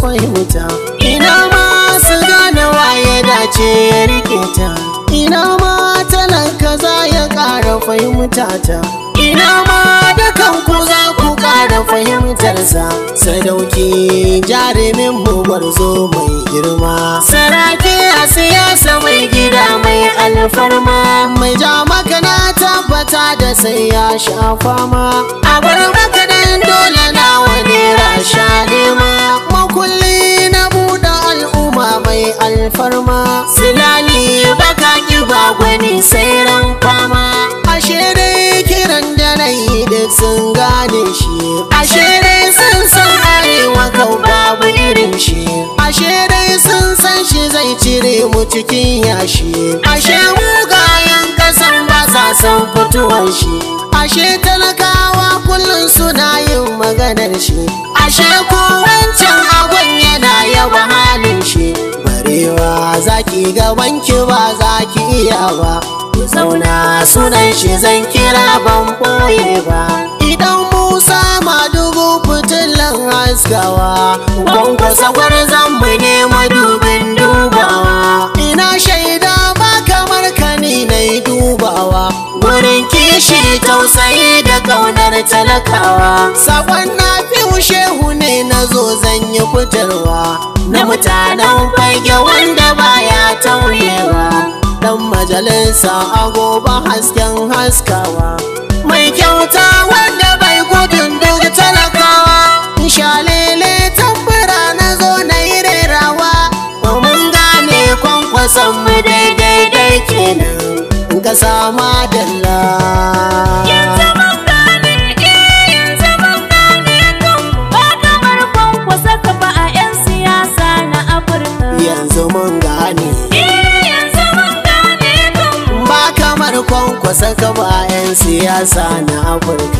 kwai wuta. ina ma su gane waye dace ya rike ta ina ma talanka za ya ƙara fahimta ta ina ma da kanku za ku ƙara fahimtarsa sadauki jarumin mu zo mai girma sarake a siyasa mai gida mai alfarma mai ja tabbata da sai ya sha fama a bar alfarma silali baka ki ba gwani sai ran fama ashe dai kiran da na yi duk sun gane shi ashe dai sun san arewa kau babu irin shi ashe dai sun san shi zai cire mu cikin yashi ashe mugayen kasan ba sa san fituwar shi ashe talakawa kullum suna yin maganar shi ashe kowa gaban ki ba za ki iya ba zauna sunan shi zan kira ban boye ba idan musa ma dubu fitilan haskawa wanka sagwar zan mu nema dubin dubawa ina shaida ba kamar kani na yi dubawa wurin kishi tausayi da kaunar talakawa sakon na fi shehu ne na zo zan yi fitarwa na mutanen fage wanda majalisa a gobe hasken haskawa mai kyauta wanda bai gudun duk talakawa shalele tambura na zo na yi rerawa ba mun gane kwankwason mu daidai kenan ka sama da kwankwasa kaba 'yan siyasa na afirka